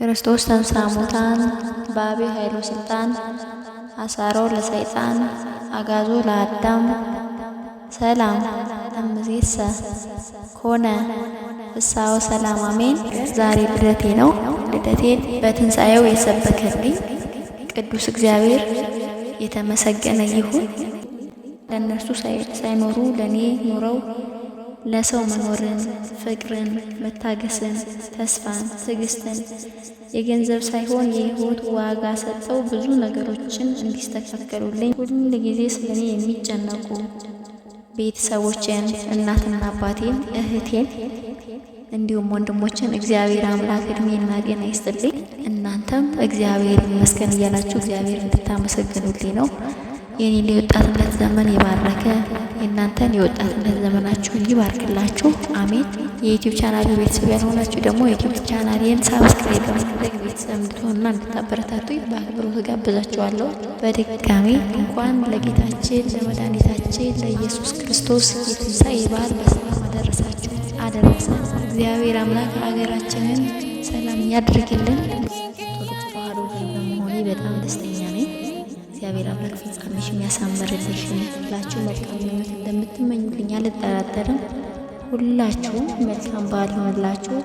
ክርስቶስ ተንሥአ እሙታን በአብ ኃይሉ ስልጣን አሳሮ ለሰይጣን አጋዞ ለአዳም ሰላም እምይእዜሰ ኮነ ፍስሐ ወሰላም አሜን። ዛሬ ልደቴ ነው። ልደቴን በትንሣኤው የሰበከልኝ ቅዱስ እግዚአብሔር የተመሰገነ ይሁን። ለእነርሱ ሳይኖሩ ለእኔ ኑረው ለሰው መኖርን፣ ፍቅርን፣ መታገስን፣ ተስፋን፣ ትዕግስትን የገንዘብ ሳይሆን የህይወት ዋጋ ሰጠው ብዙ ነገሮችን እንዲስተካከሉልኝ ሁሉ ጊዜ ስለኔ የሚጨነቁ ቤተሰቦችን፣ እናትና አባቴን፣ እህቴን እንዲሁም ወንድሞችን እግዚአብሔር አምላክ እድሜና ጤና ይስጥልኝ። እናንተም እግዚአብሔር ይመስገን እያላችሁ እግዚአብሔር እንድታመሰግኑልኝ ነው። የኔ የወጣትነት ዘመን የባረከ የእናንተን የወጣትነት ዘመናችሁን ይባርክላችሁ። አሜን። የዩቲዩብ ቻናል ቤተሰብ ያልሆናችሁ ደግሞ የዩቲዩብ ቻናልን ሳብስክራይብ በማድረግ ቤተሰብ እንድትሆኑና እንድታበረታቱ በአክብሮት ጋብዛችኋለሁ። በድጋሚ እንኳን ለጌታችን ለመድኃኒታችን ለኢየሱስ ክርስቶስ የትንሣኤ በዓል በሰላም አደረሳችሁ አደረሰን። እግዚአብሔር አምላክ ሀገራችንን ሰላም ያድርግልን። ኦርቶዶክስ ተዋሕዶ በመሆኔ በጣም ደስተኛ ነኝ። እግዚአብሔር አምላክ ፍጻሜሽ የሚያሳምርልሽ ሁላችሁ መልካም ህይወት እንደምትመኙልኝ አልጠራጠርም። ሁላችሁም መልካም በዓል ይሆንላችሁ።